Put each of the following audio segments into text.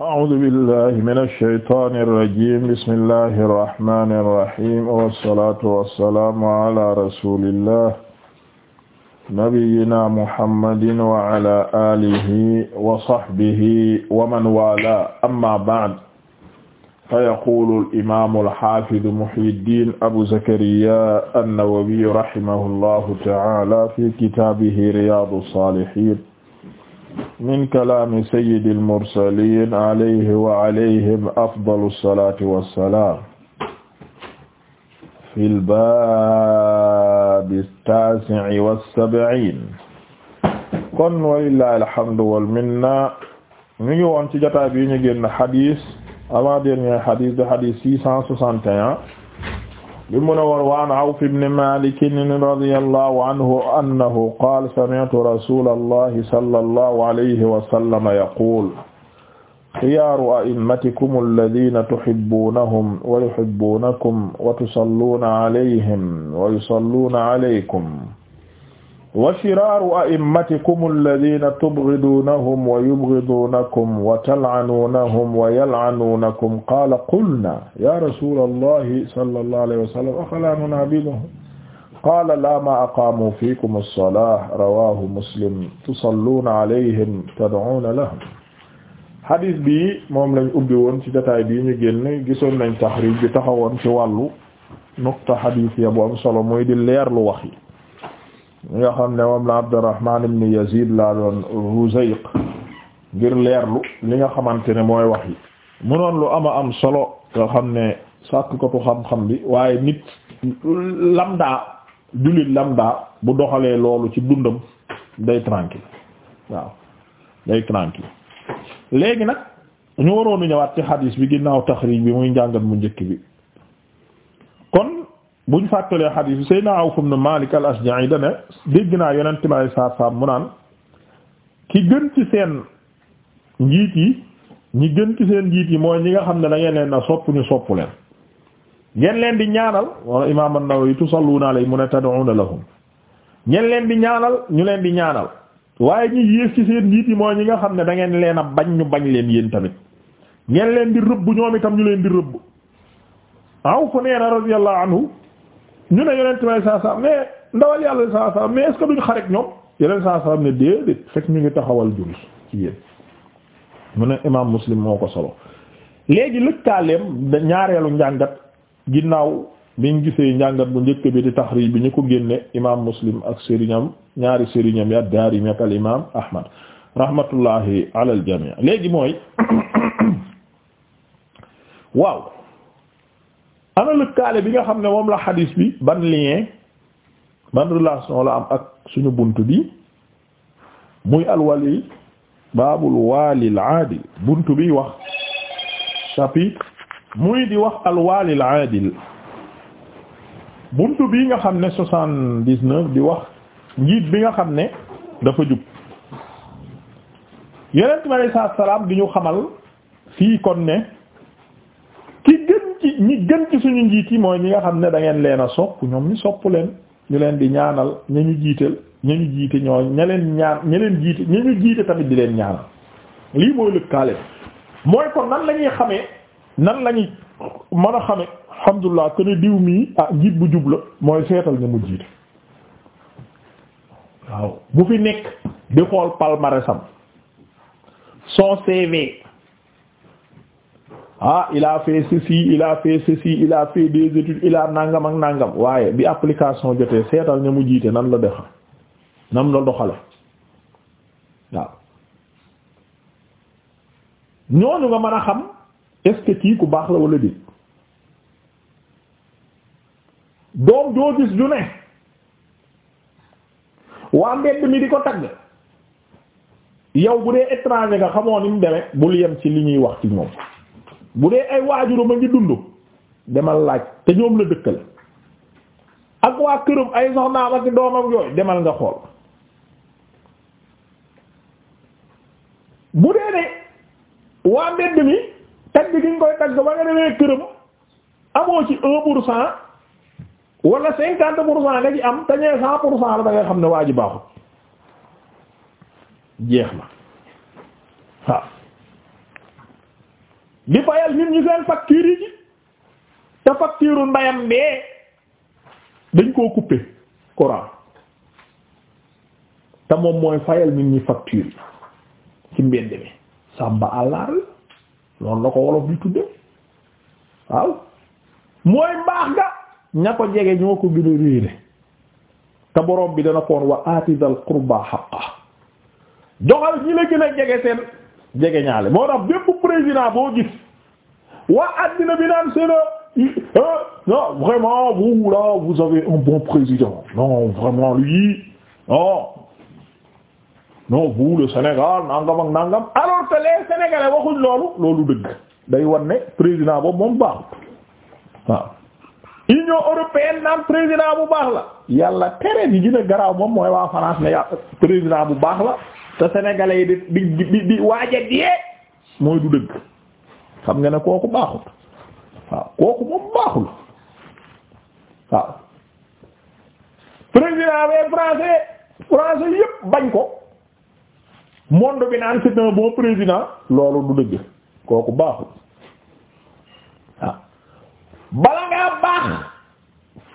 أعوذ بالله من الشيطان الرجيم بسم الله الرحمن الرحيم والصلاة والسلام على رسول الله نبينا محمد وعلى آله وصحبه ومن والاه أما بعد فيقول الإمام الحافظ محي الدين أبو زكريا النووي رحمه الله تعالى في كتابه رياض الصالحين min kalaami sayyidil mursaliin alayhi wa alayhim afdalu salaati wa salaam fil baabi taasi'i wa sabi'iin kon walillaahil hamdu wal minna ñu ngi woon ci jotaay bi ñu génn xadis avant dernier xadis de xadis six cent soixante et un li mu ne woon wa an Awf ibn Malik radiyallahu anhu annahu qaala sami'tu rasulallahi sallallahu alayhi wa sallam yaqul xiyaaru a'immatikum alladhina tuhibbunahum wa yuhibbunakum wa tusalluna alayhim wa yusalluna alaykum wa shiraaru a'immatikum alladhiina tubghiduunahum wa yubghiduunakum wa tal'anuunahum wa yal'anuunakum qaala qulnaa yaa rasuulallaahi sallallahu alayhi wa sallam afalaa nunaabizuhum qaala laa maa aqaamuu fiikum as-salaata rawaahu muslim tusalluuna alayhim tad'uuna lahum hadis bi moom lañ ubbi woon ci jotaay bii ñu génn gisoon nañ taxriij bi taxawoon ci wàllu nuqta hadis ya bu am solo muy di leerlu wax yi mi nga xam ne moom la Abdurrahman ibn Yazid laa doon Huzayq ngir leerlu li nga xamante ne mooy wax yi mu noon lu ama am solo nga xam ne sàkk ko xam-xam bi waaye nit lambda jullit lambda bu doxalee loolu ci dundam day tranquille waaw day tranquille léegi nag ñu u ñëwaat ci xadiis bi ginnaaw taxriij bi muy njàngat mu njëkk bi kon buñ fàttalee xadiis bi Seydina Awf na Malik al-Ashja'i da ne dégg naa yonent bi alayhi salaatu mu naan ki gën ci seen njiit yi ñi gën ci seen njiit yi mooy ñi nga xam ne da ngeen leen a sopp ñu ngeen leen di ñaanal wala imaam an-Nawawi tusalluuna alayhi mu ne tad'uuna lahum ngeen leen di ñaanal ñu leen di ñaanal waaye ñi yées ci seen njiit yi mooy ñi nga xam ne da ngeen leen a bañ ñu bañ leen yéen tamit ngeen leen di rëbb ñoom itam ñu leen di rëbb Awf nee na radiyallahu anhu ñu ne yonent bi saa saa mais ndawal yàlla saa saa mais est ce que duñ xareek ñoom yeneen saa saa ne déedéet fekk ñu ngi taxawal julli ci yéen mu ne imaam muslim moo ko solo léegi lëkkaaleem ñaareelu njàngat ginnaaw biñ gisee njàngat bu njëkk bi di taxriij bi ñu ko génne imaam muslim ak sëriñam ñaari sëriñam ya daarimi ak al imaam ahmad rahmatullahi alal jamii léegi mooy waaw ana lëkkaale bi nga xam ne moom la xadiis bi ban lien ban relation la am ak suñu bunt bi muy alwali baabul waalil aadil bunt bi wax chapitre muy di wax alwaalil aadil bunt bi nga xam ne soixante-dix-neuf di wax njiit bi nga xam ne dafa jub yeneen bi salaam di ñu xamal fii kon ne ñi gën ci suñu njiit yi mooy ñi nga xam ne da ngeen leen a sopp ñoom ñu sopp leen ñu leen di ñaanal ñu ñu jiital ña ñu jiite ñoo ña leen ñaan ña leen jiite ña ñu jiite tamit di leen ñaanal lii mooy lëkkaale mooy kon nan la ñuy nan la ñuy a xamee alhamdulilah que diw mii ah jiit bu jubla la mooy seetal ña mu jiite waaw bu fi nekk di xool palmarèsam son CV. ah il a fait ceci il a fait ceci il études il nangam ak nangam waaye bi application jotee seetal ña mu jiite nan la defa nan la doxale waaw ñooñu nga mën a xam est-ce que kii ku baax la wala déet doom doo gis ju ne waa mbedd mi di ko tagg yow bu dee étranger nga xamoo ni mu demee bul yem ci li ñuy wax ci ñoom bu dee ay waajuram ma ngi dund demal laaj te ñoom la dëkkal ak waa këram ay soxnaam ak doomam yooyu demal nga xool bu dee ne waa mbedd mi tagg gi koy tagg ba nga demee këram amoo ci un pour cent wala cinquante pour cent nga am te ñee cent pour cent la nga xam ne waa ji baaxut jeex na di fayal nit ñi seen facture yi ci te facture ndayam bee dañ koo couper courant te moom mooy fayal nit ñi facture yi ci mbedd mi sàmba àllaar loolu la ko wolof di tudde waaw mooy mbaax ga ña ko jege ñoo ko gën a réere te boroom bi dana koon wa aati dal qurba xaqa joxal ñu la gën a jege seen jege ñaale moo tax bépp président boo gis waa addina bi naan c'est le euh, non vraiment vous là vous bon président non vraiment lui non non vous le Sénégal nangam ak nangam alors que les Sénégalais waxuñ loolu loolu dëgg day wan ne président boobu moom baaxut waaw Union européenne naan président bu baax la yàlla tere bi gën a garaaw moom mooy waa France ne yàlla président te sénégalais yi di di di di waaj mooy du dëgg xam nga ne kooku baaxul waaw kooku moom baaxul waaw président des français français yépp bañ ko monde bi naan c'est un bon président loolu du dëgg kooku baaxul waaw bala ngaa baax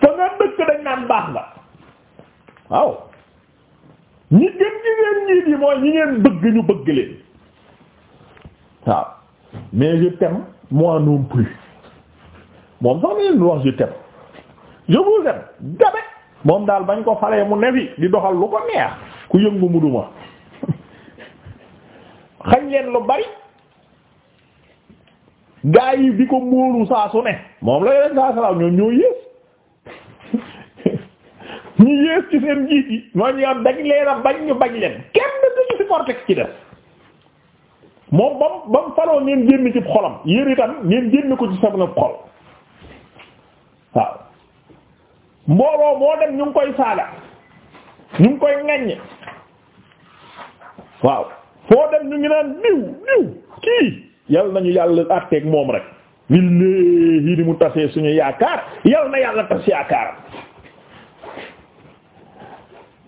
fa nga dëkk dañ naan baax nga waaw ñi gën ñi ngeen ñiit yi mooy ñi ngeen bëgg ñu bëgg leen waaw mais je t'aime moi non plus moom sax ni leen je t'aime je vous gabe moom daal bañ ko falee mu nefi di doxal lu ko neex ku yëngu mu duma xañ leen lu bari gaa yi di ko móolu saa su ne moom la leen saa salaaw ñoom ñoo yées ñu yées ci seen jiit yi ñoo ñu dañ leen a bañ ñu bañ leen kenn duñu supporté ci def moom ba mu ba mu faloo ngeen génn ci xolam yéen itam ngeen génn ko ci sa xol waaw mbooloo moo dem ñu ngi koy saaga ñu ngi koy ŋaññe waaw foo dem ñu ngi naan diw diw kii yal nañu yàlla àtteeg moom rek billahi ni mu tasee suñu yaakaar yal na yàlla tas yaakaar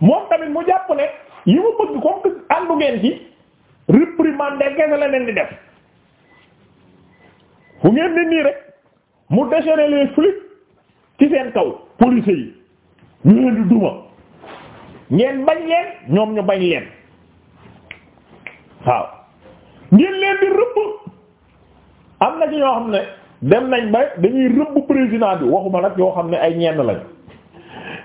moom tamit mu jàpp ne yi mu bëgg comme que àndu ngeen réprimander gese la leen di def fu ngeen di rek mu déchaîner les flics ci seen kaw policiers yi ñu leen di duma ngeen bañ leen ñoom ñu bañ leen waaw ngeen leen di rëbb am na ci ñoo xam ne dem nañ ba dañuy rëbb président bi waxuma nag yoo xam ne ay ñeen lañ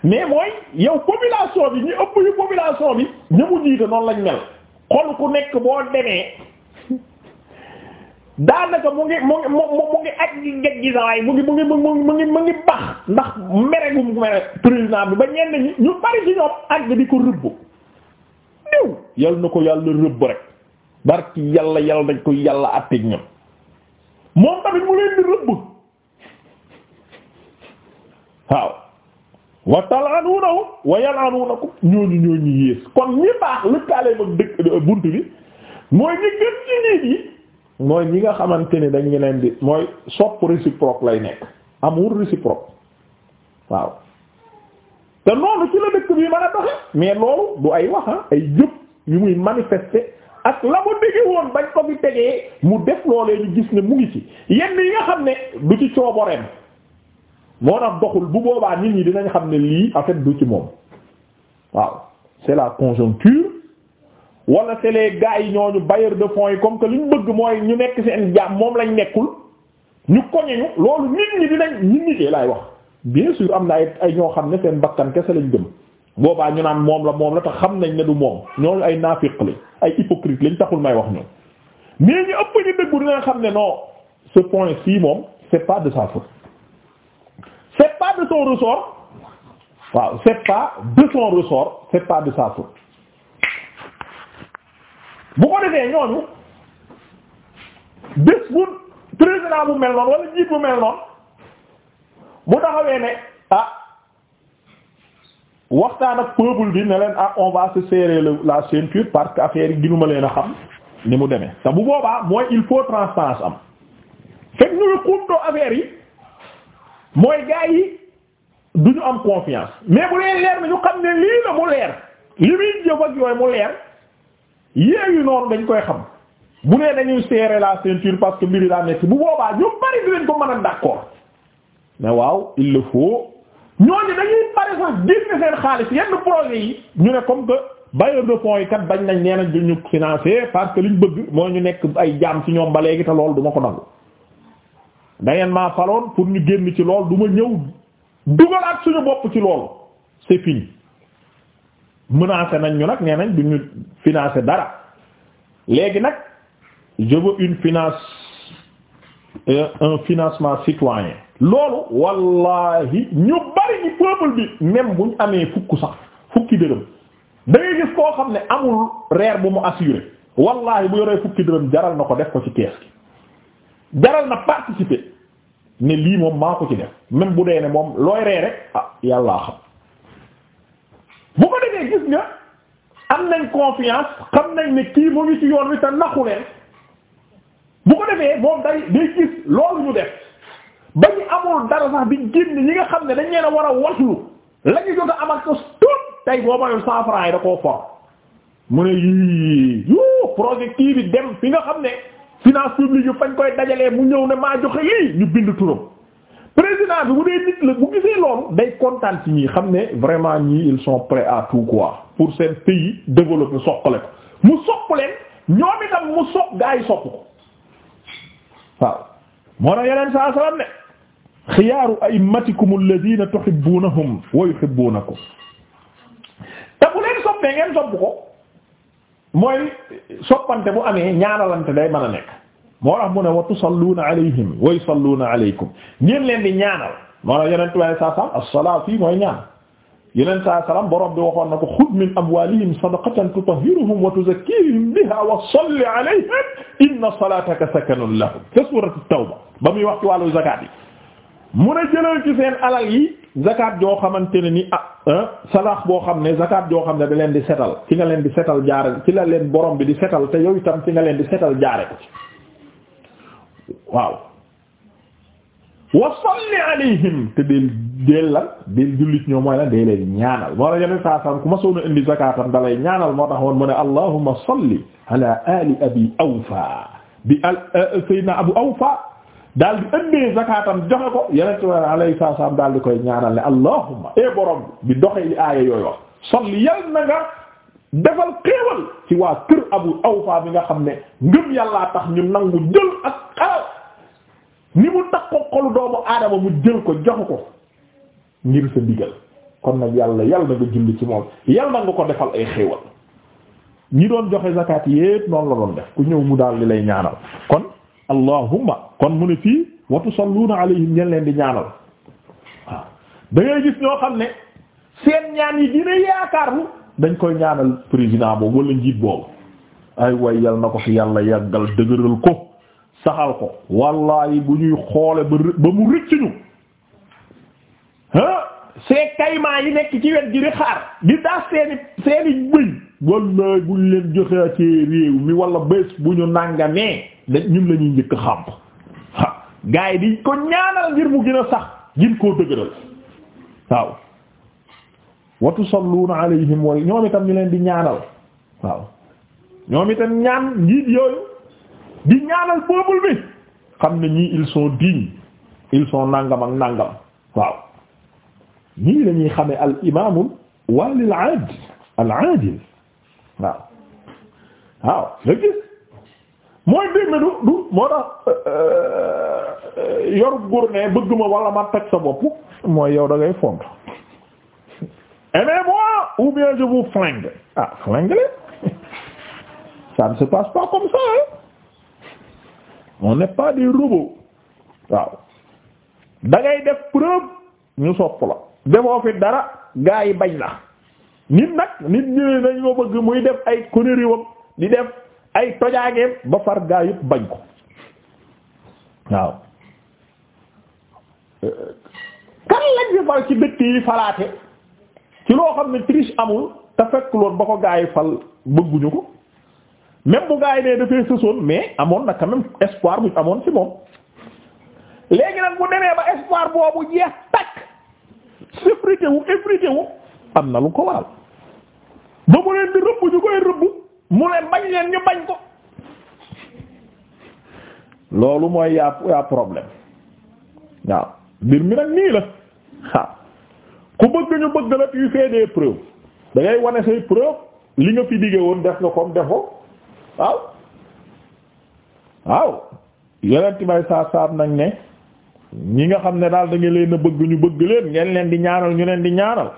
mais mooy yow population bi ñu ëpp yu population bi ña mu jiite noonu lañ mel xol ku nekk boo demee daanaka mu ngi mu ngi mu ngi mu ngi mu ngi mu ngi mu ngi bax ndax mere gu mere président bi ba ñenn ñu bari ci ñoom ak bi di ko rëbb néew yal na ko yàlla rëbb rek barki yàlla yàlla nañ ko yàlla àtteeg ñoom moom tamit mu leen rëbb waaw wa tal'anuunahu wa yal'anuunakum ñooñu ñooñu yées kon ñi baax lëkkaale mag dëkk bunt bi mooy ñi gën ci nit yi mooy ñi nga xamante ni dañu leen di mooy sopp réciproque lay nekk amour réciproque waaw te noonu ci la dëkk bi mën a doxe mais loolu du ay wax ah, ay jëf yu muy manifester ak la mu dégg woon bañ ko fi tegee mu def loolee ñu gis ne mu ngi ci yenn yi nga xam ne du ci cooboreem moo tax doxul bu boobaa nit ñi dinañ xam ne lii en du ci moom waaw c'est la conjoncture wala c'est gaa yi ñoo ñu bailleurs de fonds yi comme que li ñu bëgg mooy ñu nekk seen jàmm moom lañ nekkul ñu koñeñu loolu nit ñi dinañ nit ñi kee laay wax bien sûr am na ay ay ñoo xam ne seen bakkan kese lañ gëm boobaa ñu naan moom la moom la te xam nañ ne du moom ñoo ay naafiq lañ ay hypocrite lañ taxul may wax ñoom mais ñu ëpp ñu dëggu dinañ xam ne noo ce point ci moom c'est pas de sa c'est pas de son ressort waaw c'est pas de son ressort c'est pas de sa bu ko defee ñooñu bés bu président bu mel noonu wala njiit bu mel noonu mu taxawee ne ah waxtaan ak peuple bi ne leen ah on va se la la ceinture parce que affaire yi ginuma leen a xam ni mu demee te bu boobaa mooy il faut transparence am fekk ñu ngi xumtoo affaire yi. mooy gaa yi du ñu am confiance mais bu dee leer na ñu xam ne lii la mu leer li muy jëf ak yooyu mu leer yéeyu noonu dañ koy xam bu dee dañuy serrer la ceinture parce que mbiri daa nekk bu boobaa ñu bari di leen ko mën a d'accord mais waaw il le faut ñooñu dañuy pare sax génne seen xaalis yenn projet yi ñu ne comme que bailleur de fonds yi kat bañ nañ nee nañ du ñu financer parce que liñ bëgg moo ñu nekk ay jaam ci ñoom ba léegi te loolu duma ko nangu da ngeen maa faloon pour ñu génn ci lool du ma ñëw dugalaat suñu bopp ci loolu c'est fini menacé nañ ñu nag nee nañ du ñu dara léegi nag je une finance euh, un financement citoyen loolu wallahi ñu bari ñu peuple bi même bu ñu amee fukk sax fukki dërëm da gis koo xam ne amul reer bu mu assuré wallahi bu yoree fukki dërëm jaral na ko def ko ci kees gi jaral na participer ne lii moom maa ko ci def même bu dee ne moom looy ree rek ah yàllaa xam bu ko defee gis nga am nañ confiance xam nañ ne kii mu ci yoon wi te naxu bu ko defee moom day day gis loolu ñu def ba ñu amul dara sax di génn ñi nga xam ne dañ leen a war a waslu la ñu jot a am ak ko tuut tey boo mayul cent francs yi da koo for mu ne yii yuu projet kii bi dem fi nga xam ne. finance publique yu fañ koy dajalee mu ñëw ne maa joxe lii ñu bind turam président bi bu dee nit la bu gisee loolu day kontaan ci ñi xam ne vraiment ñii ils sont prêts à tout quoi pour seen pays développer soqale ko mu soq leen ñoom itam mu soq gaa yi soq ko waaw moo na yeneen saa salaam ne xiyaaru a'immatikum alladhina tuhibbunahum wa yuhibbunakum te bu leen soppee ngeen sopp ko mooy soppante bu amee ñaanalante day mën a nekk moo tax mu ne wa tusalluuna alayhim wa yusalluuna alaykum ngeen leen di ñaanal moo tax yeneen tubaab saa saam as-salaa fii mooy ñaan yeneen saa salaam borom bi waxoon na ko xud min amwaalihim sadaqatan tutahhiruhum wa tuzakkiihim bihaa wa salli alayhim inna salaataka sakanun lahum ca suuratu tawba ba muy wax ci wàllu zakaat yi mu ne jëlal ci seen alal yi. zakat joo xamante ne ni ah salaax boo xam ne zakat joo xam ne da leen di setal ci nga leen di setal jaare ci la leen borom bi di setal te yow itam ci nga leen di setal jaare ko ci waaw wa salli alayhim te deel deel lan deel jullit ñoo mooy lan dee leen ñaanal moo la yeneen saa san ku ma soona indi zakatam dalay ñaanal moo tax woon mu ne allahumma salli ala ali abi awfa bi al euh, sayyidina abu awfa daal di ëndee zakaatam joxe ko yenent wa alayhi salaam daal di koy ñaanal ne allahumma e borom bi doxee li aaya yooyu wax solli yal na nga defal xéewal ci waa kër abu awfa bi nga xam ne ngëm yàllaa tax ñu nangu jël ak xalal ni mu tax ko xolu doomu aadama mu jël ko jox ko ngir sa ndigal kon nag yàlla yàlla nga julli ci moom yàlla nga ko defal ay xéewal ñi doon joxe zakat yépp noonu la doon def ku ñëw mu daal di lay ñaanal kon allahumma kon mu ne fii wa tusalluuna alayhim ngeen leen di ñaanal waaw da gis ñoo xam ne seen ñaan yi dina yaakaar lu dañ koy ñaanal président boobu wala njiit boobu ay way yal na ko fi yàlla yàggal dëgëral ko saxal ko wallahi bu ñuy xoole ba ba mu rëcc ñu see kaymaa yi nekk ci wet gi xaar di daas seeni seeni bëñ wallahi buñ leen joxee ci réew mi wala bés bu ñu nàngamee dañ ñun la ñuy njëkk xàmp waaw di ko ñaanal ngir mu gën a sax gin koo dëgëral waaw wa tusalluuna alayhim wal ñoom itam ñu leen di ñaanal waaw ñoom itam ñaan njiit yooyu di ñaanal peuple bi xam ne ñii ils sont dignes ils sont nangam ak nangam waaw ñii la ñuy al imaamul walil aadil al aadil waaw waaw mooy mbir mi du du moo tax euh, euh, yoru góor bëgg ma wala ma toj sa bopp mooy yow da ngay font aimez-moi ou bien je vous ah flingue ça ne se passe pas comme ça on n'est pas des robots waaw da def preuve ñu sopp la defoo fi dara gaa yi bañ la nit nag nit ñëwee nañ ko bëgg muy def ay conneries wam di def ay tojaangeem ba far gaa yëpp bañ ko waaw kan fi fal ci dëkk yi falaate ci loo xam ne triche amul te fekk loon ba ko gaa yi fal bëgguñu ko même bu gaa yi ne dafay sësoon mais amoon na quand même espoir bu amoon ci moom léegi nag bu demee ba espoir boobu jeex takk sécurité wu effrité am na lu ko waral ba mu leen di rëbb ñu koy rëbb mu leen bañ leen ñu bañ ko loolu mooy yaa yaa problème waaw mbir mi nag nii la waaw ku bëgg ñu bëgg la tu fais des preuves da ngay wane say preuve li nga fi digge woon def nga comme defoo waaw waaw yeneen may saa saab nag ne ñi nga xam ne daal da leen bëgg ñu bëgg leen ngeen leen di ñaanal ñu leen di ñaanal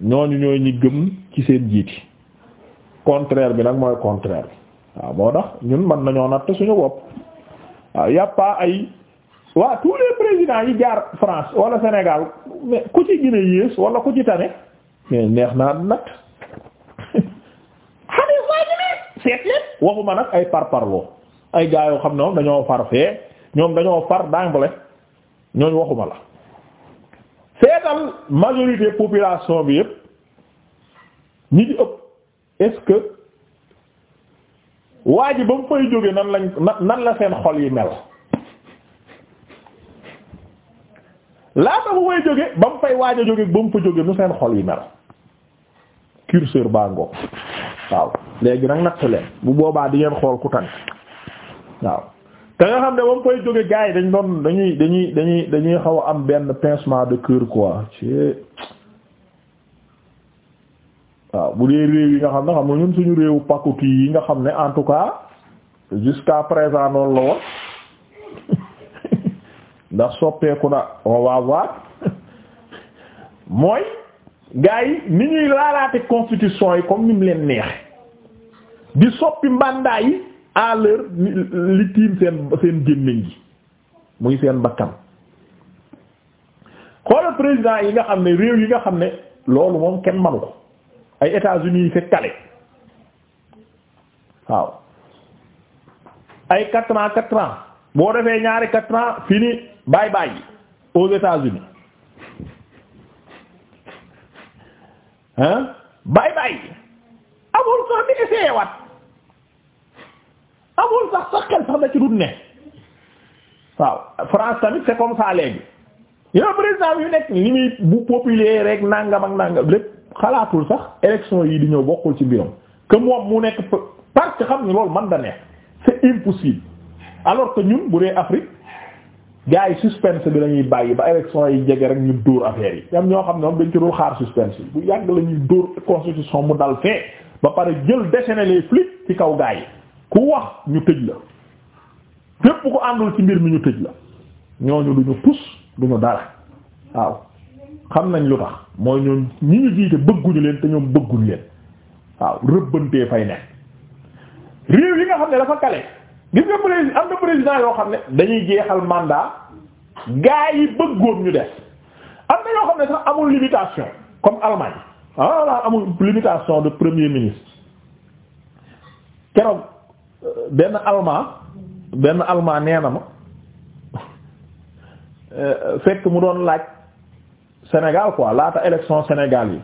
ñooñu ñooy ñi gëm ci seen jiiti contraire bi nag mooy contraire bi waaw moo tax ñun mën nañoo natt suñu bopp waaw y ay waa tous les yi jaar France wala Sénégal ku ci gën yées wala ku ci tane mais neex naa nag xamee waa ji ne seet xam ne moom dañoo far fee ñoom dañoo far d'anglais ñooñ waxuma la seetal majorité population bi yëpp ñi di ëpp est-ce que waa ji ba mu fay jóge nan lañ nan la seen xol yi mel laata mu fay jóge ba mu fay waaj jóge ba mu fa jóge nu seen xol yi mel curseur baa ngoog waaw léegi nag natt leen bu boobaa di ngeen xool ku tànk waaw te nga xam ne ba mu fay jóge gars yi dañ doon dañuy dañuy dañuy dañuy xaw a am benn pincement de cœur quoi ci waaw bu dee réew yi nga xam ne xam nga ñun suñu réewu pakoti yi nga xam ne en tout cas jusqu'à présent noonu la woon ndax soppeeku na on va mooy gars yi ni ñuy laalaate constitution yi comme ni mu leen neex di soppi mandat yi à l'heure li tiim seen seen gémmiñ gi muy seen bakkan xoolal président yi nga xam ne réew yi nga xam ne loolu moom kenn manu ko ay États-Unis yi fekk kale waaw ay quatre ans boo defee ñaari quatre ans fini bay bye aux États-Unis hein bye bye amul sax di essayé waat amul sax sax xel sax da ci ne waaw France tamit c'est comme ça léegi yow président yu nekk ni muy bu populaire rek nangam ak nangam lépp xalaatul sax élection yi di ñëw bokkul ci mbiram que moom mu nekk parce que xam ni loolu man da ne c'est impossible alors que ñun bu dee Afrique gars yi suspense bi lañuy bàyyi ba élection yi jege rek ñu dóor affaire yi ñam ñoo xam ne moom dañ ci dul xaar suspense yi bu yàgg la ñuy dóor constitution mu dal fee ba pare jël déchaîner les flics ci kaw gars yi ku wax ñu tëj la fépp ko àndul ci mbir mi ñu tëj la ñooñu duñu tus duñu dara waaw xam nañ lu tax mooy ñoom ñi ñu jiite bëgguñu leen te ñoom bëgguñu leen waaw rëbbantee fay nekk réew yi nga xam ne dafa kale gis nga président am na président yoo xam ne dañuy jeexal mandat gaa yi bëggoon ñu def am na yoo xam ne sax amul limitation comme Allemagne ah amul limitation de premier ministre keroog euh, benn allemand benn allemand nee na ma euh, fekk mu doon laaj. Sénégal quoi laata élection Sénégal yi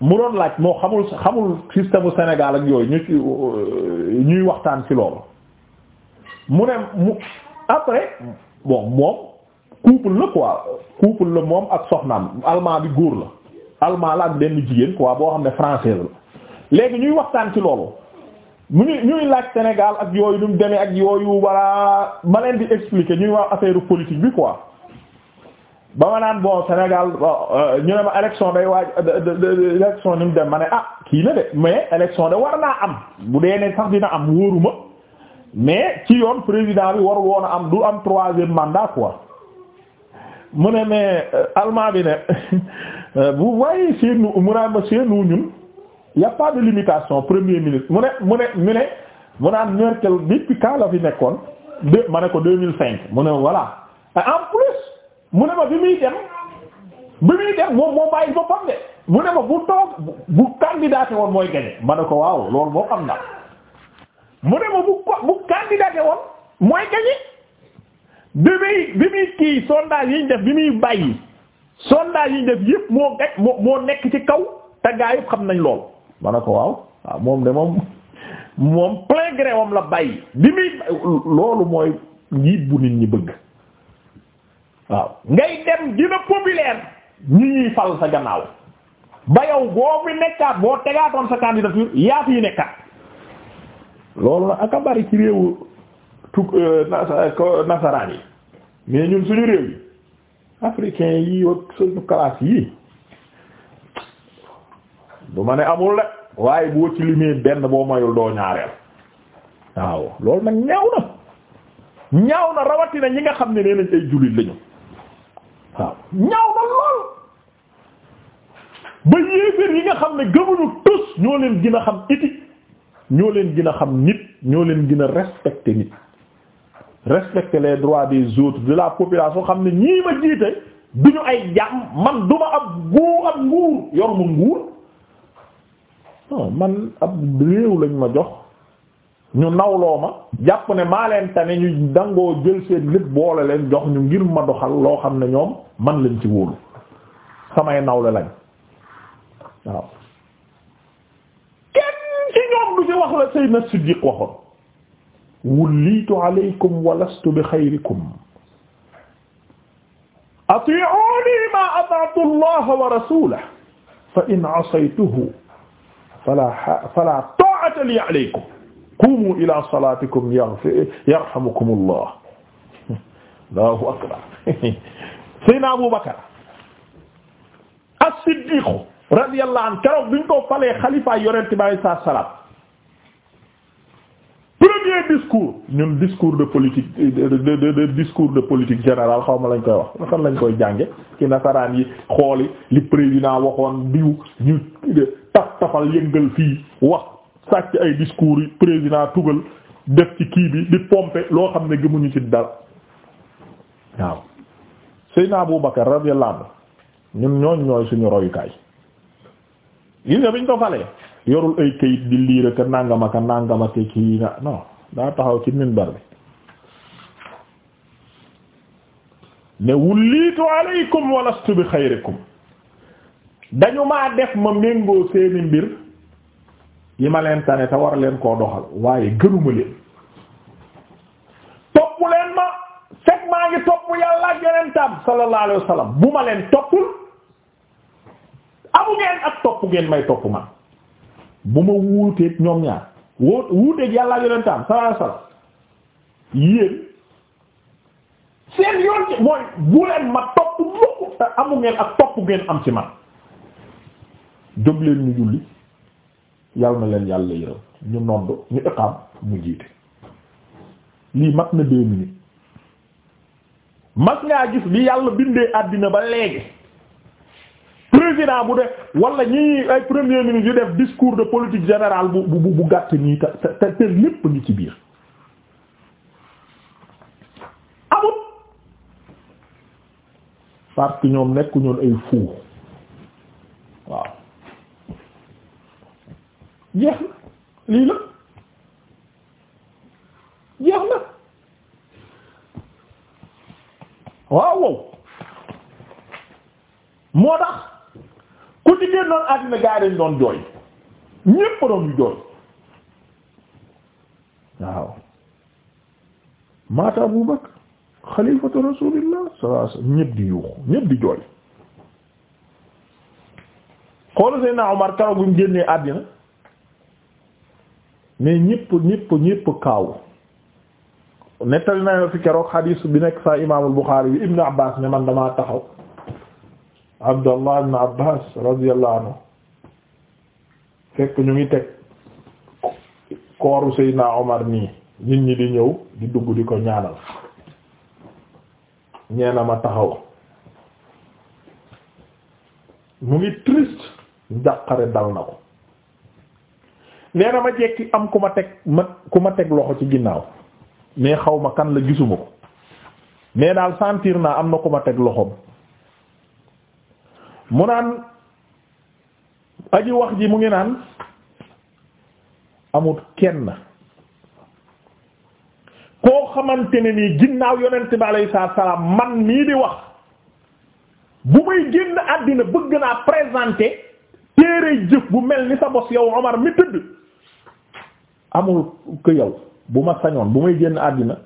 mu doon laaj moo xamul xamul système bu Sénégal ak yooyu ñu euh, ñuy waxtaan ci loolu mu ne mu après bon moom couple la quoi couple la moom ak soxnaam allemand bi góor la allemand la ak benn jigéen quoi boo xam ne française la léegi ñuy waxtaan ci loolu mu ñuy laaj Sénégal ak yooyu nu mu demee ak yooyu walla ma leen di expliquer ñuy wax affaire politique bi quoi. ba ma naan bon Sénégal euh, ñu ne ma élection day waaj élection ni mu dem ma ne ah kii na de mais élection de war naa am bu dee ne sax dina am wóoruma mais ci yoon président bi war woon a am du am troisième mandat quoi mu ne mais euh, allemand bi ne euh, vous voyez chez nous mu ne ma a pas de limitation premier mu ne mu ne mu naan Merkel bi quand la fi nekkoon de ma ne ko deux mille cinq mu ne voilà en plus mu ne ma bi muy dem bi muy dem moom moo bàyyi boppam de mu ne ma bu toog bu candidaté woon mooy gañe ma ne ko waaw loolu moo xam na mu ne ma bu bu candidaté woon mooy gañe bi muy bi muy kii sondage yi ñu def bi muy bàyyi sondage yi ñu def yëpp moo gaj moo nekk ci kaw te yëpp xam nañ lool ma ne ko waaw waaw moom de moom moom plein gré moom la bàyyi bi muy loolu mooy njiit bu nit ñi bëgg waaw ngay dem dina populaire ñi ñuy fal sa gannaaw ba yow boo fi nekkaat boo tegaatoon sa candidature yaa fi nekkaat loolu nag aka bari ci réew tuk euh, nasaraan yi mais ñun suñu réew yi africain yi ak suñu classe yi bu ma ne amul la waaye boo ci limee benn boo mayul doo ñaareel waaw loolu nag ñaaw na ñaaw na rawatina ñi nga xam ne nee nañ ay jullit lañu waaw ñaaw na lool ba yéeféer yi nga xam ne gëmuñu tus ñoo leen gën a xam éthique ñoo leen gën a xam nit ñoo leen gën a respecter nit respecter les droits des autres de la population xam ne ñii ma jiite duñu ay jàmm man duma am góor ab nguur yor ma nguur man ab réew lañ ma jox ñu nawloo ma jàpp ne maa leen tane ñu dangoo jël seen lépp boole leen jox ñu ngir ma doxal loo xam ne ñoom man lañ ci wóolu samay nawle lañ waaw kenn ci ñoom du ci wax la Seydina Siddiq waxoon wullitu alaykum wa lastu bi xayrikum ati'uni ma ata'tu Allah wa rasulahu fa in asaytuhu fala fala ta'ata li alaykum qumu ila salatikum yarhamukumullah allahu akbar sayna Abu Bakar as-Siddiq radiyallahu anhu keroog biñ ko falee xalifa yonent bi alayhi salaam premier discours ñun discours de politique de de de discours de politique générale xaw ma lañ koy wax naka lañ koy jànge ci nasaraan yi xooli li président waxoon diw ñu taf tafal yëngal fii wax. sàcc ay discours yi président tugal def ci kii bi di pomper loo xam ne gëmuñu ci dara waaw Seydina Abu Bakar radiyallahu anhu ñun ñooñ ñooy suñu royukaay yi nga biñ ko falee yorul ay kayit di liire ka nàngama ke kii na non daa taxaw ci minbar bi ne wullitu alaykum walastu bi xayrikum dañu maa def ma méngoo seeni mbir yi ma leen tane te war leen koo doxal waaye gënuma leen topp leen ma fekk maa ngi topp yàlla ak yonentam sallallahu alayhi bu ma leen toppul amu ngeen ak yéen seen yoon ci bu leen ma topp mukk te amu ngeen ak topp ngeen am ci man jóg leen ñu julli yal na leen yàlla yërëm ñu nodd ñu iqaam mu jiite lii mat na deux minutes mas ngaa gis bi yàlla bindee àddina ba léegi président bu def wala ñi ay premier ministre yu def discours de politique générale bu bu bu gàtt nii te te te lépp ngi ci biir amut parce que ñoom nekkuñoon ay fou jeex na lii la jeex na waaw wow moo tax ku ci génnoon àddina gaa yi dañ doon jooy ñépp doon ñu jooy waaw maata Abu xalifatu rasulillah sallallahu alayhi wasallam ñépp di yuuxu ñépp di jooy xoolu Seydina Omar karaw bi mu génnee àddina mais ñëpp ñëpp ñëpp kaaw nettali nañu fi keroog xadiis bi nekk sa imaamul Buxaari bi Ibn Abbas ne man damaa taxaw Abdallah ibn Abbas radiyallahu anhu fekk ñu ngi teg kooru Seydina Omar nii nit ñi di ñëw di dugg di ko ñaanal ñeena ma taxaw mu ngi triste njàqare dal na ko nee na jekki am ku ma teg ma ku ma teg loxo ci ginnaaw mais xaw ma kan la gisuma ko mais daal sentir naa am na ku ma teg loxoom mu naan aji wax ji mu ngi naan amut kenn koo xamante ne nii ginnaaw yonent bi alayhi salaam man nii di wax bu may génn àddina bëgg naa présenter téere jëf bu mel ni sa bos yow Omar mi tëdd amul que yow bu ma sañoon bu may génn àddina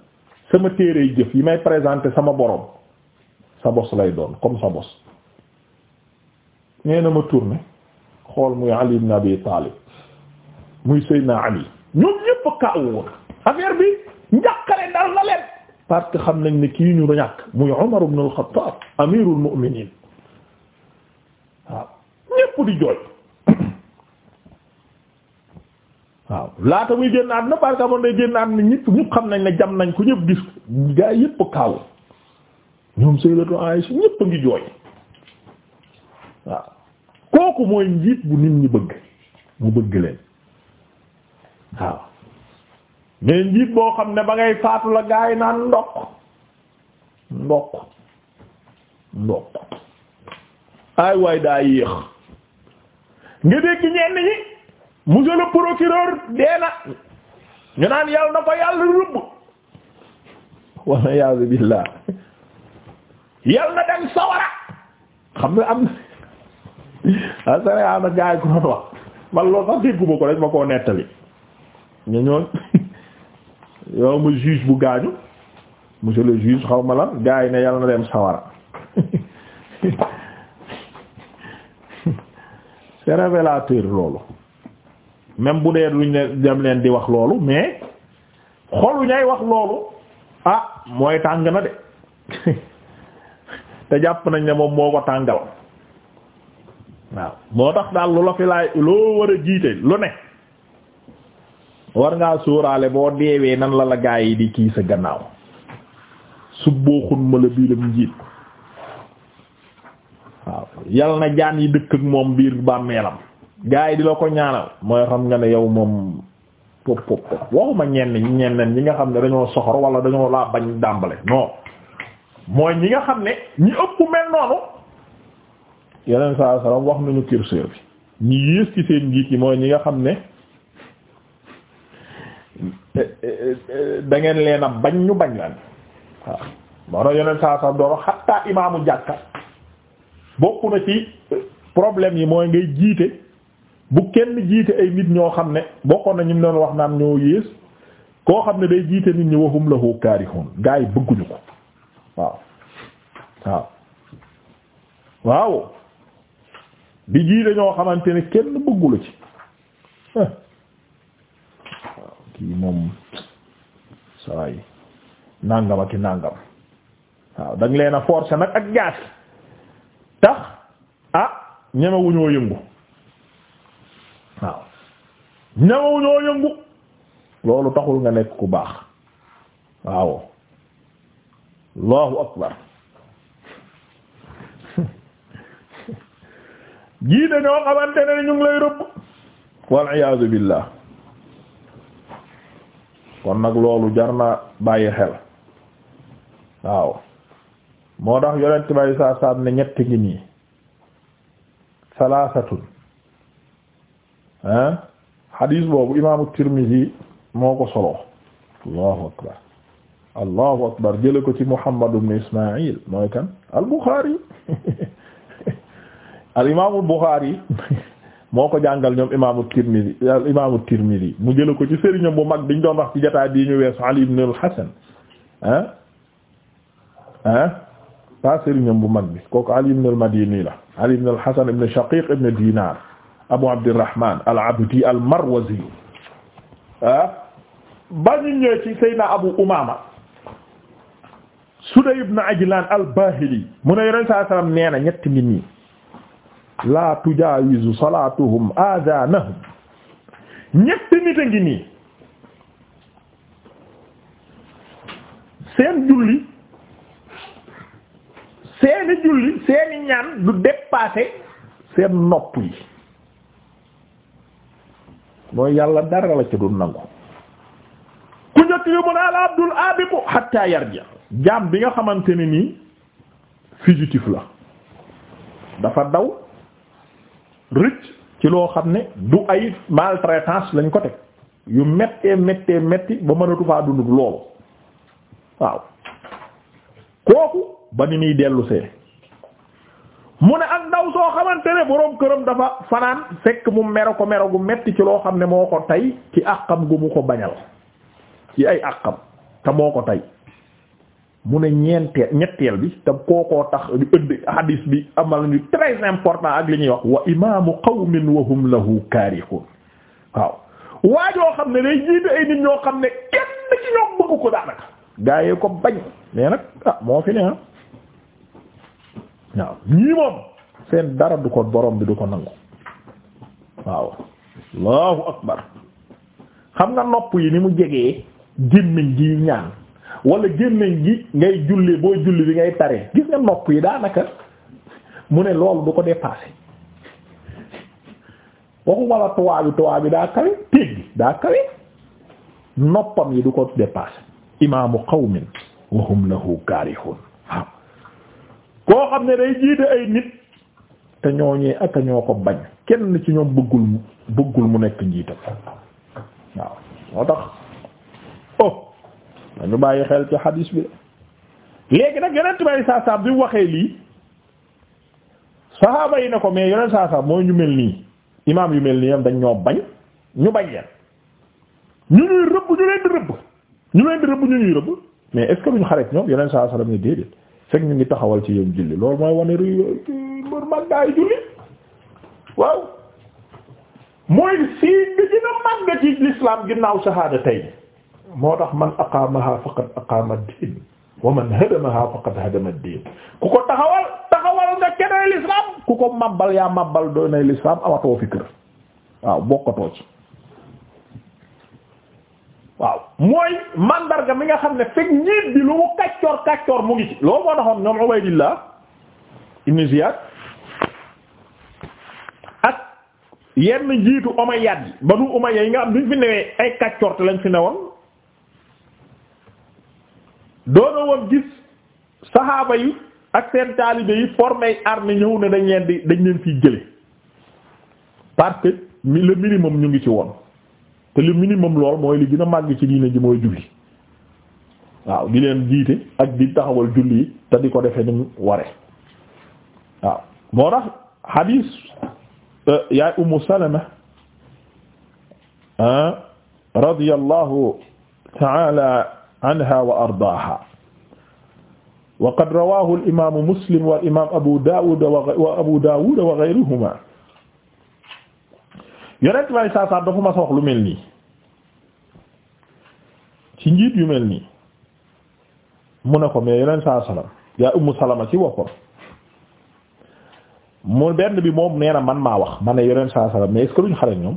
sama téere jëf yi may présenter sama borom sa bos lay doon comme sa bos nee na ma tourné xool muy Ali ibn Abi Talib muy Seydina Ali ñoom ñépp a woon affaire bi njàqare dal la leen parce xam nañ ni kii ñu ñàkk muy Umar ibn al-Khattab amirul waaw ñépp di jooy waaw laata muy génn na parce que amoon day génn àdduna ñëpp ñëpp xam nañ ne jam nañ ko ñëpp gis ko gaa yëpp kaaw ñoom Sayyidatu Aisha ñëpp a ngi jooy waaw kooku mooy njiit bu nit ñi bëgg mu bëgg leen waaw mais njiit boo xam ne ba ngay faatu la gaa yi naan ndokk ndokk ndokk ay waay daa yéex nga dégg ñenn ñi monsieur le procureur dee na ñu naan yàlla na ko yàlla rëbb walla yaazu billaah yàlla na dem sawara xam nga am na a ah sare am gaay ko doon wax man loolu sax dégguma ko dañ ma koo nettali ñu ñoon yow ma juge bu gaañu monsieur le juge xaw ma lan gaay ne yàlla na dem sawara c'est révélateur loolu même bu dee duñ leen dem leen di wax loolu mais xolu ñay wax loolu ah mooy tàng na de te jàpp nañ ne moom moo ko tàngal waaw moo tax daal lu la fi laay loo war a jiite lu ne war ngaa sóoraale boo deewee nan la la gaa yi di kii sa gannaaw subboo xun ma la bii njiit waaw yal na jaan yi dëkk ak moom biir bàmmeelam gaa yi di la ko ñaanal mooy xam nga ne yow moom pop pop pop waxuma ñenn ñi ñi nga xam ne dañoo soxor wala dañoo laa bañ dàmbale non mooy ñi nga xam ne ñi ëpp mel noonu yeneen saa salaam wax nañu curseur bi ñi yées ci seen ñi nga xam ne eh, eh, eh, da ngeen leen a bañ ñu bañ lan waaw moo tax yeneen imaamu jàkka bokk na ci problème yi mooy ngay jiite bu kenn jiite ay nit ñoo xam ne bokkoon na ñu doon wax naan ñoo yées koo xam ne day jiite nit ñi waxum la lahu kaarihun gaa yi bëgguñu ko waaw waaw waaw di jiite ñoo xamante ne kenn bëggula ci waaw kii moom sawaay nàngama ki nàngam waaw danga leen a forcer nag ak jaas tax ah ñemewuñoo yëngu waaw ñaw ñoo yëngu loolu taxul nga nekk ku baax waaw allahu akbar jii dañoo xamante ne ñu lay rëbb wal iyaazu billah kon nag loolu jar na bàyyi xel waaw moo tax yonent bay saa saam ne ñett ngi nii salaasatun ah hadis boobu imaamu Tirmizi moo ko solo allahu akbar allahu akbar jële ko ci Muhammad ibn Ismaïl mooy kan al Bukhari al imaamu Bukhari moo ko jàngal ñoom imaamu Tirmizi al imaamu Tirmizi mu jële ko ci sëriñam bu mag biñ doon wax ci jotaay ñu weesu Ali ibn al Hasan ah ah pas sëriñam bu mag bi kooku Ali ibn al Madini la Ali ibn al Hasan ibn Shaqiq ibn Dinar Abu Abdirrahman al-Abdi al-Marwazi ah, ba ñu ñëwee ci Seydina Abu Umaama Sudayy ibn Ajlan al-Bahili mu ne Yonent saa salaam nee nit a ngi nii seen julli seeni julli seeni ñaan du dépasser seen nopp yi. mooy yàlla dara la ci du nangu ku njëkk yu mun al abdul abiku hatta yarja jaam bi nga xamante ne nii fugitif la dafa daw rëcc ci loo xam ne du ay maltraitance lañ ko teg yu méttee méttee métti ba mënatu faa dund loolu waaw kooku ba ni muy dellu mu ne ak ndaw soo xamante ne boroom këram dafa fanaan fekk mu mero ko mero gu metti ci loo xam ne moo ko tey ci àqam gu mu ko bañal ci ay àqam te moo ko tey mu ne ñeenteel ñetteel bi te kookoo tax di ëdd hadis bi amal ñu très important ak li ñuy wax wa imaamu qawmin wa hum lahu kaarihun waaw waa joo xam ne day jiite ay nit ñoo xam ne kenn ci ñoom bëggu ko daanaka gaa yee ko bañ mais nag ah moo fi ne ah waaw ñii moom seen dara du ko borom bi du ko nangu waaw allahu akbar xam nga nopp yi ni mu jegee gémmiñ gi ñaan wala gémmiñ gi ngay julli boo julli bi ngay taree gis nga nopp yi daanaka mu ne loolu du ko dépassé waxu wala tuwaa bi tuwaa bi daa kawe téeg daa kawe noppam yi du ko dépassé imaamu qawmin wa lahu kaarihun waaw koo xam ne day jiite ay nit te ñooñee ak ñoo ko bañ kenn ci ñoom bëggul bëggul mu nekk njiitam waaw moo tax oh dañu bàyyi xel ci hadis bi léegi nag yonent bay saasaab bi waxee lii saxaaba yi ne ko mais yonent saasaab mooy ñu mel nii imaam yu mel nii yam dañ ñoo bañ ñu bañ leen ñu ñuy rëbb ñu leen di rëbb ñu leen rëbb ñu ñuy rëbb mais est xareet ñoom yonent saasaab ne déedéet fekk ñu ngi taxawal ci yéen julli loolu mooy wane ru mbër màggaayu julli waaw mooy sii bi dina màgg ci l'islam ginnaaw sahaada tey moo tax man aqaamaha faqad aqaama ad-diin wa man hadamaha faqad hadama ad-diin ku ko taxawal taxawal nga keneen l'islam ku ko màbbal yaa màbbal doonay l'islam awatoo fi kër waaw bokkatoo ci waaw mooy mandarga mi nga xam ne fekk ñiit bi lu mu kaccoor kaccoor mu ngi ci loolu moo taxoon ñoom Ubaydillah ibn ak yenn njiitu Umayyad yi Banu Umayya yi nga xam duñ fi newee ay kaccoor te lañ fi newoon doona woon gis saxaaba yi ak seen taalibe yi formé ay armée dañ leen di dañ leen fiy jële parce que le minimum ñu ngi ci woon te le minimum lool mooy li gën a màgg ci diine ji mooy julli waaw di leen jiite ak di taxawal julli yi te di ko defee ni mu ware waaw moo tax xadiis euh, yaay Ummu Salama ah, radiyallahu ta'ala anha wa ardaaha wa qad rawaahu al-imaamu Muslim wal imaam Abu Daawud wa Abu Daawud wa ghayruhumaa yonent bi sallallahu alayhi wa sallam dafa ma wax lu mel nii ci njiit yu mel nii mu ne ko mais yeneen saa salaam yaa ummu salama ci boppam mu benn bi moom nee man maa wax ma ne yeneen saa salaam mais est-ce que duñ xare ñoom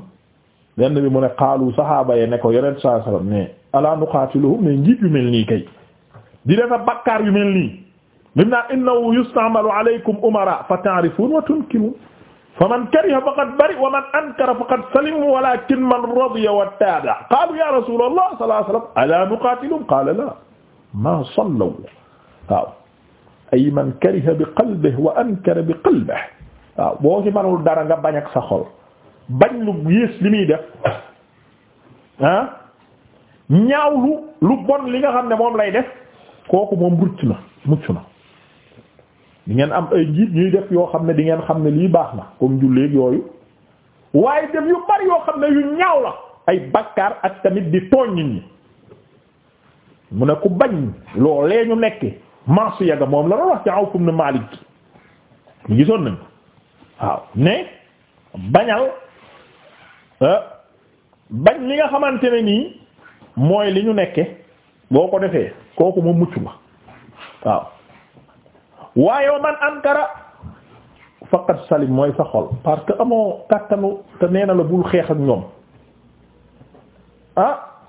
benn bi mu ne xaalu saxaaba yi ne ko yeneen saa salaam mais ala nuqaatiluhum mais njiit yu mel nii kay di def bakkaar yu mel nii. mim naa innahu yusta'malu alaykum umara fa ta'rifun wa tunkirun fa man kariha faqad bari wa man ankara faqad salim walakin man radiya wa taaba qaalu ya rasulallah sallallahu alayhi wa sallam alaa nuqaatiluhum qaala laa maa sallaw waaw ay man kariha bi qalbihi wa ankara bi qalbihi waaw boo ci manul dara nga bañ ak sa xol bañ lu yées li muy def ah ñaaw lu lu bon li nga xam ne moom lay def kooku moom mucc na mucc na di ngeen am ay njiit ñuy def yoo xam ne di ngeen xam ne lii baax na comme julleeg yooyu waaye def yu bari yoo xam ne yu ñaaw la ay bakkaar ak tamit di tooñ nit mu ne ku bañ loolee ñu nekk maasu yàgg moom la doon wax ci Awf ibn Malik gi gisoon nañ waaw ne bañal bañ li nga xamante ne nii mooy li ñu nekke boo ko defee kooku moom mucc nga waaw waaye man ankara faqad salim mooy sa xol parce que amoo kàttanu te nee na la bul xeex ak ñoom ah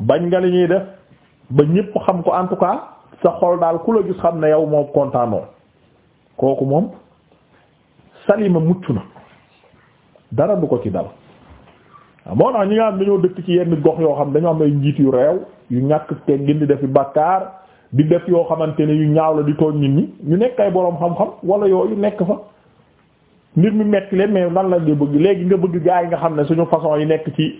bañ nga li ñuy def ba ñépp xam ko en tout cas sa xol daal ku la gis xam ne yow moo kontaanoo kooku moom salima mucc na dara du ko ci dal moo nax ñu nga am dañoo dëkk ci yenn gox yoo xam dañoo am njiit yu réew yu ñàkk te def defi bàkkaar di def yoo xamante ne yu ñaaw la di tooñ nit ñi ñu nekk ay boroom xam-xam wala yooyu nekk fa mbir mi metti leen mais nan la nga bëgg léegi nga bëgg gaa yi nga xam ne suñu façon yi nekk ci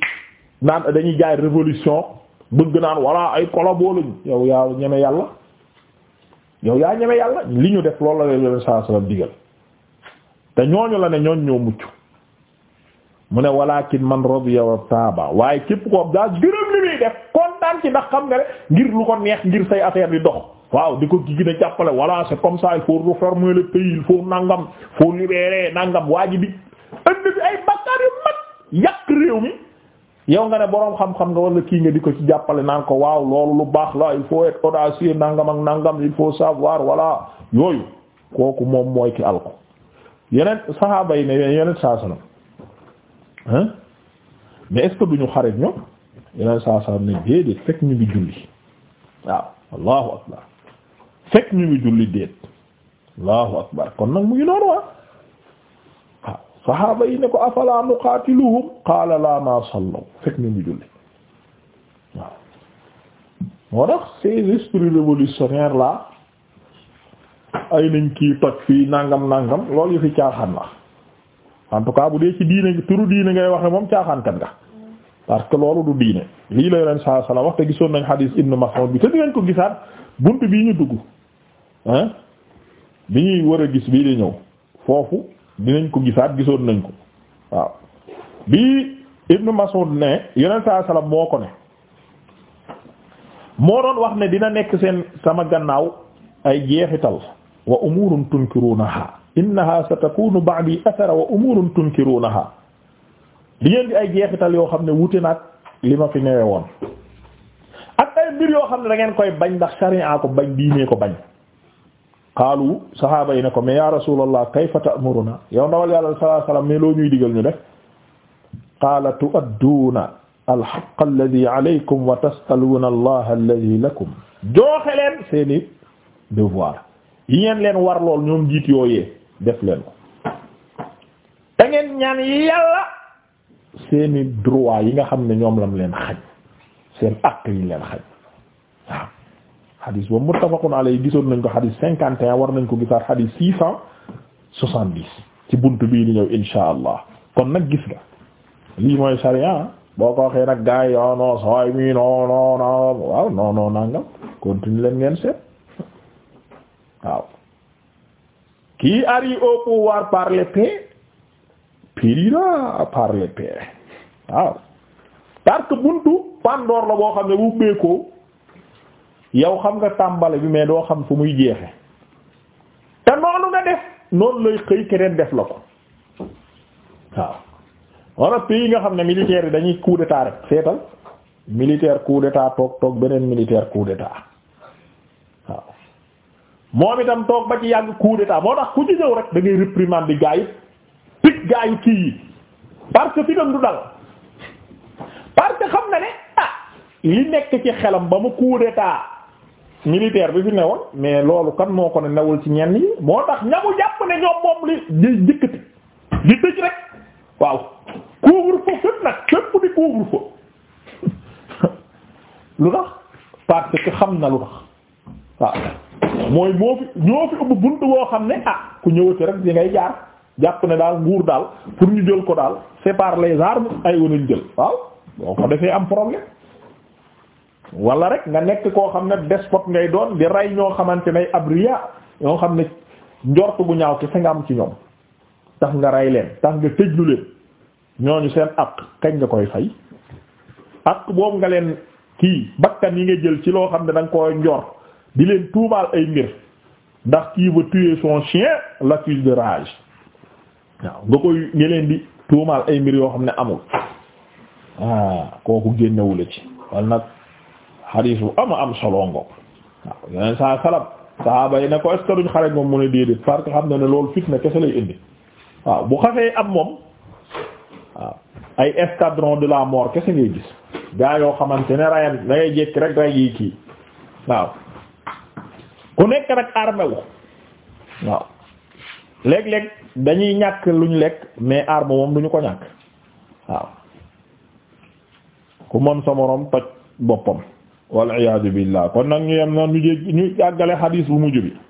naan dañuy jaay révolution bëgg naan wala ay collabo lañu yow yaa ñeme yàlla yow yaa ñeme yàlla li ñu def loolu la leen yoneen saa sallam digal te ñooñu la ne ñooñ ñoo mucc mu ne walakin man radiya wa taaba waaye képp ko daa gërëm li muy def kontaan ci ndax xam nga rek ngir lu ko neex ngir say affaire di dox waaw di ko gigi na jàppale voilà c'est comme ça il faut réformer le pays il faut nangam faut libérer nangam bi ënd bi ay bakkaar nga ne boroom xam-xam jàppale naan ko waaw loolu lu baax la il faut être audacieux nangam ak nangam il faut savoir voilà yooyu kooku moom mooy ki alko yeneen saxaaba yi ne yeneen saa sanam hein mais est-ce que duñu xarit ñoom yeneen saa saa ne déedéet fekk ñu ngi julli waaw allahu akbar fekk ñu ngi julli déet allahu akbar kon nag mu ngi ah. waa saxaaba yi ne ko afala nuqaatiluhum qaala laa maa sallaw fekk ñu ngi julli waaw moo tax ces esprits révolutionnaires là ay nañ kii toj fii nangam nangam loolu yu fi caaxaan la en tout cas bu dee ci diine turu diine ngay wax ne moom caaxaankat nga parce que loolu du diine lii la yoneen saa salaam wax te gisoon nañ xadiis Ibn Mas'ud bi te dinañ ko gisaat bunt bii ñu dugg bi ñuy war a gis bii di ñëw foofu dinañ ko gisaat gisoon nañ ko waaw bii Ibn Mas'ud ne yoneen saa salaam moo ko ne moo doon wax ne dina nekk seen sama gannaaw ay jeexital wa umurun tunkirunaha innaha satakunu ba'di athara wa umurun tunkirunaha di ngeen di ay jeexital yoo xam ne wuti nag li ma fi newee woon ak ay mbir yoo xam ne dangeen koy bañ ndax sharia ko bañ diinee ko bañ xaalu saxaaba yi ne ko mais ya rasulallah kayfa ta'muruna yow ndawal yàlla sallallahu alayhi wasallam mais loo ñuy digal ñu def qaala tu'adduuna al-haqqa alladhi alaykum wa tas'aluuna allaha alladhi lakum jooxe leen seeni devoir yi ngeen leen war lool ñoom jiit yooyee def leen ko da ñaan yàlla seeni droit yi nga xam ne ñoom lam leen xaj seen acte yi leen xaj waaw xadis boobu muttafaqun alayhi gisoon nañ ko xadis cinquante et un war nañ ko gisaat xadis six cent soixante dix ci bunt bii di ñëw insha allah kon nag gis nga lii mooy sharia boo ko waxee nag gars yi oh non sooy mi non non non waaw non non leen ngeen seet waaw. qui arrive au pouvoir par l'épée préférera par les pères waaw parce buntu Pandore la boo xam ne bu beekoo yow xam nga tàmbale bi mais doo xam fu muy jeexe te noonu nga def noonu lay xëy keneen def la ko waaw wala pays yi nga xam ne militaire yi dañuy coup d'état rek seetal militaire coup d'état toog toog beneen militaire coup d'état waaw moom itam toog ba ci yàgg coup d'état moo tax ku ci ñëw rek da ngay réprimander gaa yi picc gaa yu kii yi parce que fi doon dal parce xam na ne ah li nekk ci xelam ba mu coup d'état militaire bi fi newoon mais loolu kan moo ko ne newul ci ñenn yi moo tax ñamu jàpp ne ñoom moom li di njëkkati di tëj rek waaw couvre-feu nag fépp di couvre-feu lu tax parce que xam na lu tax waaw mooy moo fi ñoo fi ëpp buntu boo xam ne ah ku ñëwati rek di ngay jaar jàpp ne daal nguur daal pour ñu jël ko daal c'est par les armes ay wanañ jël waaw boo ko defee am problème wala rek nga nekk koo xam ne despote ngay doon di rey ñoo xamante ne ab ñoo xam ne njort bu ñaaw kese nga am ci ñoom tax nga rey leen tax nga tëjlu leen ñooñu seen àq kañ nga koy fay àq boobu nga leen kii bakkan yi nga jël ci loo xam ne da nga koy di leen tuubaal ay mbir ndax kii va tuer son chien l'accuse de rage waaw nga koy nga leen di tuumaal ay mbir yoo xam ne amul ah kooku génnewula ci wal nag xadiis bu ama am solo ngoog waaw yeneen saa salab sahaaba yi ne ko est-ce moom mu ne déedéet parce que xam na ne loolu fitna kese lay indi waaw bu xasee am moom waaw ay escadron de la mort kese ngay gis gaa yoo xamante ne rayan da ngay jekki rek ray yi kii waaw ku nekk nag armé waaw léeg-léeg dañuy ñàkk luñ lekk mais arme moom duñu ko ñàkk waaw ku mën sa moroom toj boppam wal iyaadu billah kon nag ñu yem noonu ñu jéggi ñu jàggale xadiis bu mujj bi